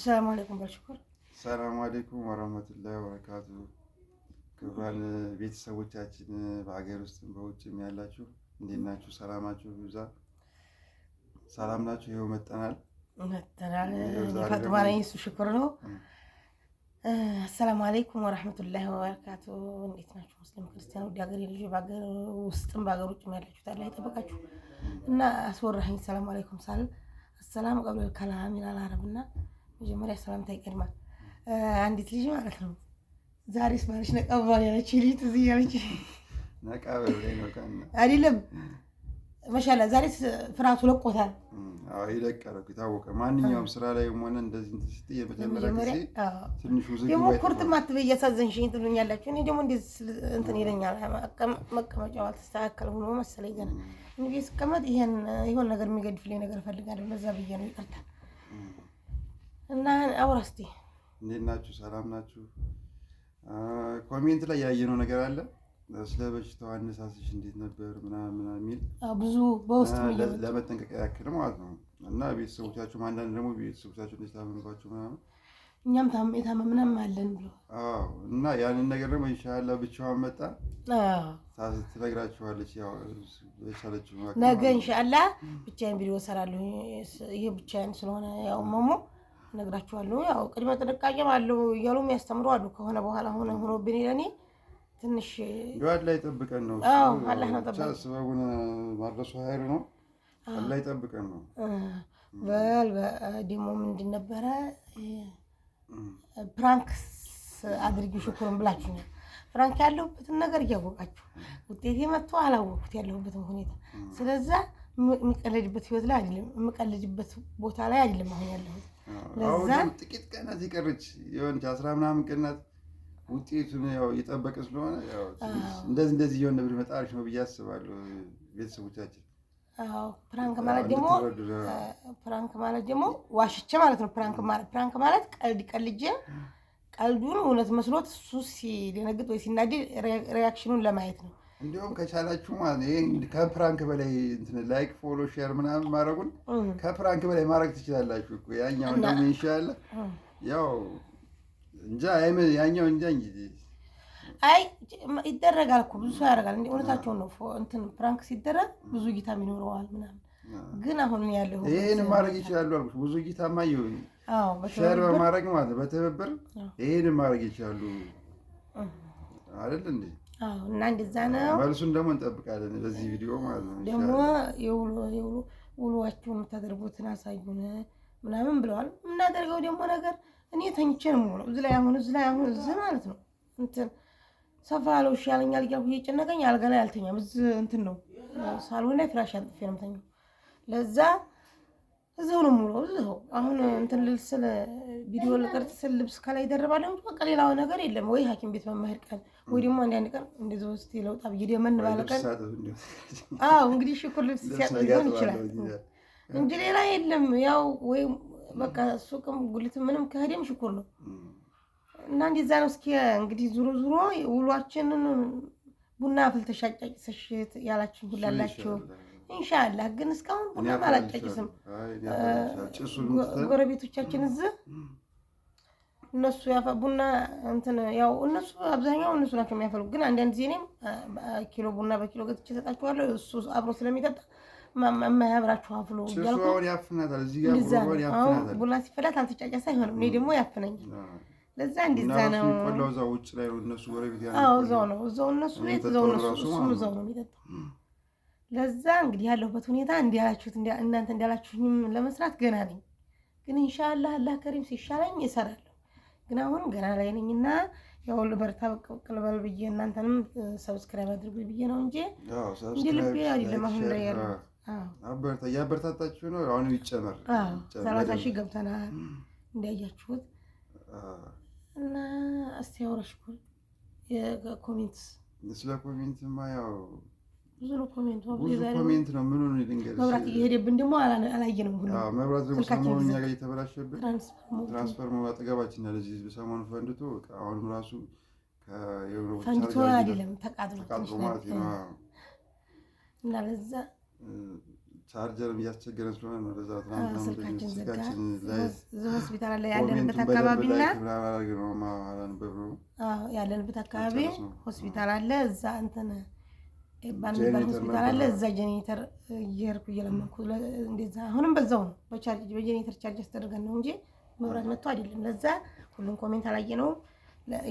ሰላም አለይኩም ባልሽኮር ሰላም አለይኩም ወረህመቱላሂ ወበረካቱ። ክቡራን ቤተሰቦቻችን በሀገር ውስጥም በውጭም ያላችሁ እንዴት ናችሁ? ሰላማችሁ ይብዛ። ሰላም ናችሁ? ይኸው መጠናል መጠናል። ፋጥማ ነኝ፣ እሱ ሽኩር ነው። አሰላሙ አለይኩም ወረህመቱላሂ ወበረካቱ። እንዴት ናችሁ? ሙስሊም ክርስቲያን፣ ወደ ሀገር ልጅ በሀገር ውስጥም በሀገር ውጭም ያላችሁ ታላ ይጠበቃችሁ እና አስወራኸኝ። ሰላም አለይኩም ሳል አሰላም ቀብል ከላም ይላል አረብና መጀመሪያ ሰላምታ ይቀድማል። አንዲት ልጅ ማለት ነው ዛሬ ስማለች ነቀባል ያለች ልጅ ትዝ እያለች አይደለም መሻላ ዛሬ ፍርሃቱ ለቆታል። ይለቃል የታወቀ ማንኛውም ስራ ላይ ሆነ እንደዚህ ስትይ የመጀመሪያ ጊዜ ትንሽ ውዝግብ ደግሞ አትበይ እያሳዘንሽኝ ትሉኛላችሁ። እኔ ደግሞ እንዴት እንትን ይለኛል። መቀመጫው አልተስተካከል ሆኖ መሰለኝ ገና እንግዲህ ስቀመጥ ይሄን ይሆን ነገር የሚገድፍልኝ ነገር እፈልጋለሁ። ለዛ ብዬ ነው ይቀርታል እና አውራ እስኪ እንዴት ናችሁ? ሰላም ናችሁ? ኮሜንት ላይ ያየነው ነገር አለ ስለ በሽታው አነሳስሽ እንዴት ነበር ምናምን የሚል ብዙ በውስጥ ለመጠንቀቅ ያክል ማለት ነው። እና ቤተሰቦቻችሁም አንዳንድ ደግሞ ቤተሰቦቻችሁ እንዴት ታመምባችሁ ምናምን እኛም የታመምናም አለን ብሎ እና ያንን ነገር ደግሞ ኢንሻላ ብቻዋን መጣ ትነግራችኋለች። ነገ ኢንሻላ ብቻዬን ቪዲዮ እሰራለሁ። ይሄ ብቻዬን ስለሆነ ያው መሞ ነግራችኋለሁ። ያው ቅድመ ጥንቃቄም አለው እያሉ የሚያስተምሩ አሉ። ከሆነ በኋላ ሆነ ሆኖብን ይለኔ ትንሽ ዋድ ላይ ጠብቀን ነው አላህ ነው ጠበቁን ማድረሱ ሀይል ነው ላይ ጠብቀን ነው በል ደግሞ ምንድን ነበረ ፕራንክስ አድርጊ ሽኩርን ብላችሁኛል። ፍራንክ ያለሁበትን ነገር እያወቃችሁ ውጤቴ መጥቶ አላወቅኩት ያለሁበትን ሁኔታ ስለዛ የምቀለድበት ህይወት ላይ አይደለም፣ የምቀለድበት ቦታ ላይ አይደለም አሁን ያለሁት አሁንም ጥቂት ቀናት ይቀረች የሆነች አስራ ምናምን ቀናት ውጤቱን ያው እየጠበቅን ስለሆነ እንደዚህ እንደዚህ እየሆነ ብር መጣ ነው ብዬ አስባለሁ። ቤተሰቦቻችን ፕራንክ ማለት ደግሞ ፕራንክ ማለት ደግሞ ዋሽቼ ማለት ነው። ፕራንክ ማለት ፕራንክ ማለት ቀልድ ቀልጄ ቀልዱን እውነት መስሎት እሱ ሲደነግጥ ወይ ሲናደድ ሪያክሽኑን ለማየት ነው። እንዲሁም ከቻላችሁ ማለት ይሄ ከፕራንክ በላይ ላይክ ፎሎ ሼር ምናምን ማድረጉን ከፕራንክ በላይ ማድረግ ትችላላችሁ እኮ ያኛው እንደም ይሻለ ያው እንጃ አይም ያኛው እንጃ እንጂ አይ ይደረጋል እኮ ብዙ ሰው ያደርጋል። እንደ እውነታቸውን ነው እንትን ፕራንክ ሲደረግ ብዙ እይታ ይኖረዋል ምናምን። ግን አሁን ያለው ይሄን ማድረግ ይችላሉ አልኩሽ። ብዙ እይታማ ይሁን ሼር በማድረግ ማለት በትብብር ይሄን ማድረግ ይችላሉ አይደል እንዴ? እና እንደዛ ነው። መልሱን ደግሞ እንጠብቃለን በዚህ ቪዲዮ ማለት ነው። ደግሞ ውሏችሁን የምታደርጉትን አሳዩን ምናምን ብለዋል። የምናደርገው ደግሞ ነገር እኔ ተኝቼ ነው የምውለው። እዚህ ላይ አሁን እዚህ ላይ አሁን እዚህ ማለት ነው እንትን ሰፋ ያለው ይሻለኛል እያልኩ እየጨነቀኝ አልጋ ላይ አልተኛም። እዚህ እንትን ነው ሳልሆን ላይ ፍራሽ አንጥፌ ነው የምተኛው። ለዛ እዚሁ ነው የምውለው። እዚሁ አሁን እንትን ልል ስል ቪዲዮ ልቀርጽ ስል ልብስ ከላይ ይደርባለሁ። በቃ ሌላው ነገር የለም። ወይ ሐኪም ቤት በማሄድ ቀን ወይ ደግሞ አንዳንድ ቀን እንደዚህ ውስጥ ለውጣ ብዬ ደመን ባለ ቀን እንግዲህ ሽኩር ልብስ ሲያጥ ሊሆን ይችላል እንጂ ሌላ የለም። ያው ወይ በቃ ሱቅም ጉልት ምንም ከሄደም ሽኩር ነው እና እንደዛ ነው። እስኪ እንግዲህ ዙሮ ዙሮ ውሏችንን ቡና አፍልተሽ አጫጭሰሽ ያላችሁ ሁላላችሁ ኢንሻላህ ግን እስካሁን ቡና አላጨጭስም። ጎረቤቶቻችን እዚህ እነሱ ያፈ ቡና እንትን ያው እነሱ አብዛኛው እነሱ ናቸው የሚያፈሉ። ግን አንዳንድ ጊዜ እኔም ኪሎ ቡና በኪሎ ገዝቼ እሰጣችኋለሁ። እሱ አብሮ ስለሚጠጣ ማህበራችሁ አፍሎ ቡና ሲፈላት አልተጫጫ አይሆንም። እኔ ደግሞ ያፍነኛል። ለዛ እንዲዛ ነው። እዛው ነው እነሱ እዛው እነሱ ቤት እዛው ነው የሚጠጣው ለዛ እንግዲህ ያለሁበት ሁኔታ እንዲያላችሁት እናንተ እንዲያላችሁኝም ለመስራት ገና ነኝ። ግን ኢንሻአላህ አላህ ከሪም ሲሻለኝ እሰራለሁ። ግን አሁን ገና ላይ ነኝና የሁሉ በርታ በቃ በል ብዬ እናንተንም ሰብስክራይብ አድርጉ ብዬ ነው እንጂ እንደ ልቤ አይደለም። አሁን ላይ ያለ አበርታ ነው። አሁን ይጨመር ሰላሳ ሺህ ገብተናል እንዳያችሁት እና እስቲ አውራሽ ኮሜንት ስለ ኮሜንትማ ያው ብዙ ነው ኮሜንት ነው። ምን ሆነ ድንገት መብራት እየሄደብን ደግሞ አላየንም። ሁሉ መብራት ደግሞ ሰሞኑን እኛ ጋር እየተበላሸብን ትራንስፈርመሩ አጠገባችን ያለ እዚህ ሰሞኑ ፈንድቶ አሁንም ራሱ ፈንድቶ አይደለም ተቃጥሎ ማለት ነው እና ለዛ ቻርጀርም እያስቸገረን ስለሆነ ነው። ለዛ ትናንትናስልካችን ሆስፒታል ላይ ያለንበት አካባቢ ሆስፒታል አለ እዛ እንትን ባንባል ሆስፒታል አለ። እዛ ጀኔሬተር እየሄድኩ እየለመንኩ እንደዛ አሁንም በዛው ነው። በቻርጅ በጀኔሬተር ቻርጅ አስደርገን ነው እንጂ መብራት መጥቶ አይደለም። ለዛ ሁሉም ኮሜንት አላየነውም።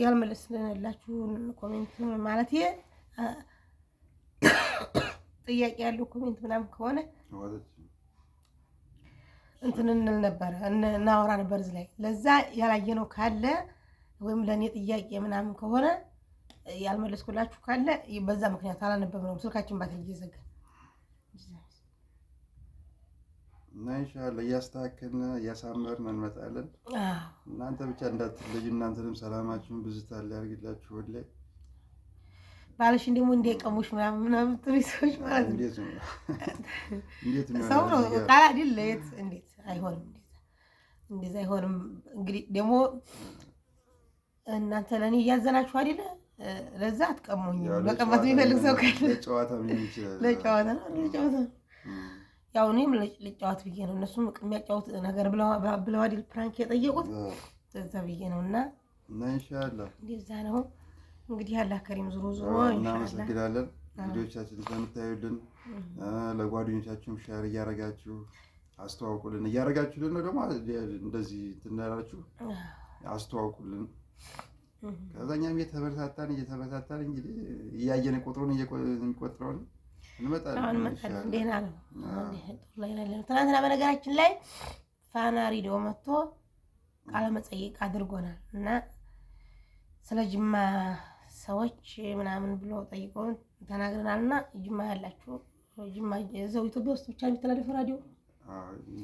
ያልመለስንላችሁን ኮሜንት ማለት ጥያቄ ያለው ኮሜንት ምናምን ከሆነ እንትን እንል ነበረ እናወራ ነበር እዚህ ላይ ለዛ ያላየነው ካለ ወይም ለእኔ ጥያቄ ምናምን ከሆነ ያልመለስኩላችሁ ካለ በዛ ምክንያት አላነበብ ነው ስልካችን ባትል እየዘጋ እና ኢንሻላህ እያስተካከልን እያሳመርን እንመጣለን። እናንተ ብቻ እንዳትለዩ። እናንተንም ሰላማችሁን ብዝታ ሊያርግላችሁ ወለ ላይ ባለሽን ደግሞ እንደ ቀሙሽ ምናምን ምናምን ትሉኝ ሰዎች ማለት ነው። ሰው ነው ቃል አይደል ለየት እንዴት አይሆንም፣ እንደዛ አይሆንም። እንግዲህ ደግሞ እናንተ ለእኔ እያዘናችሁ አይደለ ለዛ አትቀሙኝም። መቀመጥ የሚፈልግ ሰው ለጨዋታ ለጨዋታ ያው እኔም ልጫወት ብዬ ነው። እነሱም የሚያጫወት ነገር ብለዋል ፕራንክ የጠየቁት ለዛ ብዬ ነው። እና እንደዛ ነው እንግዲህ አላህ ከሪም ዞሮ ዞሮ እናመሰግናለን። ልጆቻችን ስለምታዩልን ለጓደኞቻችሁም ሸር እያደረጋችሁ አስተዋውቁልን። እያደረጋችሁልን ነው ደግሞ እንደዚህ ትናላችሁ አስተዋውቁልን። ከዛኛም እየተበረታታን እየተበረታታን እንግዲህ እያየን ቁጥሩን እየቆጥረውን እንመጣለን። ደህና ነው ላይ ነው። ትናንትና በነገራችን ላይ ፋና ሪዲዮ መጥቶ ቃለ መጠይቅ አድርጎናል እና ስለ ጅማ ሰዎች ምናምን ብሎ ጠይቆን ተናግረናል። እና ጅማ ያላችሁ ጅማ እዛው ኢትዮጵያ ውስጥ ብቻ የሚተላለፈው ራዲዮ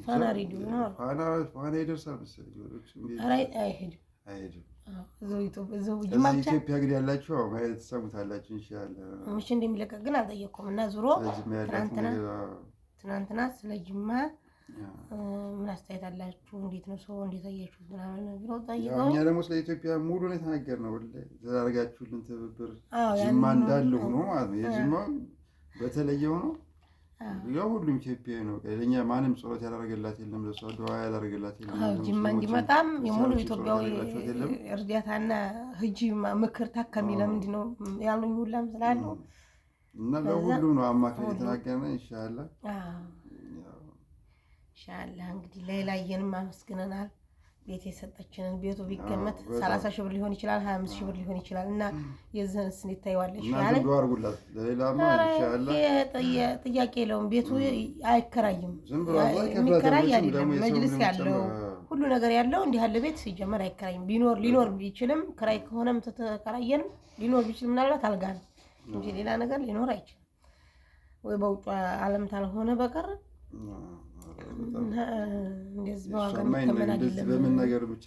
ፋና ሪዲዮ ነው። ፋና ፋና ይደርሳል መሰለኝ። ኧረ አይሄድም ኢትዮጵያ እንግዲህ ያላችሁ ማየት ትሰሙታላችሁ እንደሚለቀቅ ግን አልጠየቁም እና ዙሮ ትናንትና ስለ ጅማ ምን አስተያየት አላችሁ? እንዴት ነው ሰው እንዴት አያችሁት? እኛ ደግሞ ስለ ኢትዮጵያ ሙሉ ነው የተናገርነው። ተዳርጋችሁልን ትብብር ጅማ እንዳለ ሆኖ ማለት ነው የጅማ በተለየ ያው ሁሉም ኢትዮጵያዊ ነው። ለእኛ ማንም ጸሎት ያደረገላት የለም፣ ለሷ ዱዓ ያደረገላት የለም። ጅማ እንዲመጣም የሙሉ ኢትዮጵያዊ እርዳታና ህጂ ምክር ታከሚ ለምንድን ነው ያሉኝ ሁላም ስላሉ እና ለሁሉም ነው አማክለ የተናገረ ኢንሻላህ ኢንሻላህ እንግዲህ ሌላ የንም አመስግነናል። ቤት የሰጠችንን ቤቱ ቢገመት ሰላሳ ሺህ ብር ሊሆን ይችላል፣ ሀያ አምስት ሺህ ብር ሊሆን ይችላል። እና የዚህን ስን ይታይዋለች ጥያቄ የለውም። ቤቱ አይከራይም፣ የሚከራይ አይደለም። መጅልስ ያለው ሁሉ ነገር ያለው እንዲህ ያለ ቤት ሲጀመር አይከራይም። ቢኖር ሊኖር ቢችልም ክራይ ከሆነም ተከራየንም ሊኖር ቢችል ምናልባት አልጋ ነው እንጂ ሌላ ነገር ሊኖር አይችልም ወይ በውጭ ዓለም ታልሆነ በቀር በመናገር ብቻ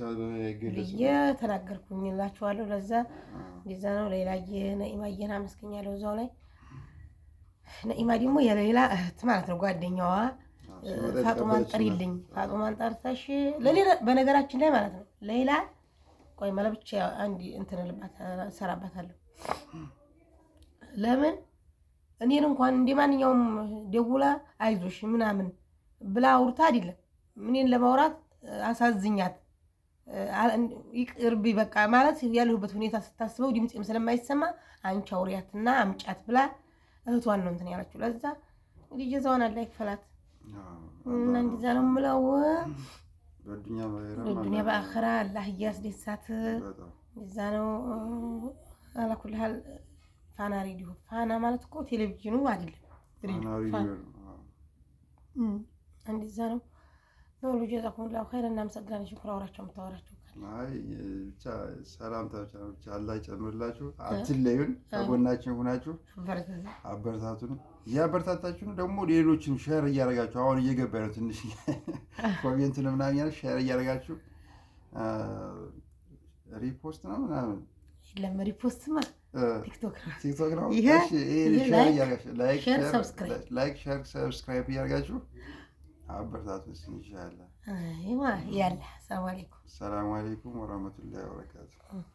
ተናገርኩኝ እላችኋለሁ። ለዛ እንደዛ ነው። ሌላ አመስገኛለሁ እዛው ላይ ነኢማ ደግሞ የሌላ እህት ማለት ነው ጓደኛዋ ፋጡማን ጠሪልኝ፣ ፋጡማን ጠርተሽ ለሌላ በነገራችን ላይ ማለት ነው ሌላ ቆይ አንድ እንትን እሰራባታለሁ። ለምን እኔን እንኳን እንደ ማንኛውም ደውላ አይዞሽ ምናምን ብላ አውርታ አይደለም እኔን ለማውራት አሳዝኛት ይቅርብ በቃ ማለት ያለሁበት ሁኔታ ስታስበው ድምፅም ስለማይሰማ አንቺ አውሪያትና አምጫት ብላ እህቷን ነው እንትን ያላችሁ። ለዛ እንግዲህ ጀዛዋን አላህ ይክፈላት እና እንዲዛ ነው የምለው። በዱንያ በአኸራ አላህ እያስደሳት እዛ ነው አላኩልሃል። ፋና ሬዲዮ ፋና ማለት እኮ ቴሌቪዥኑ አይደለም እንደዛ ነው። በሉ ጀዛኩም ላሁ ኸይር። እናመሰግናለን። ሽኩር አውራቸው የምታወራቸው አይ ብቻ ሰላምታ ብቻ ነው። ብቻ አላህ ይጨምርላችሁ፣ አትለዩን፣ ከጎናችን ሁናችሁ አበረታቱን። እያበረታታችሁ ደግሞ ሌሎችን ሸር እያደረጋችሁ አሁን እየገባ ነው ትንሽ ኮሜንቱን ምናምን ሸር እያደረጋችሁ ሪፖስት ነው ምናምን የለም ሪፖስትማ ቲክቶክ ነው ላይክ ሸር ሰብስክራይብ እያደረጋችሁ عبر ذات بسين إن شاء الله آه، أيوة يلا السلام عليكم السلام عليكم ورحمة الله وبركاته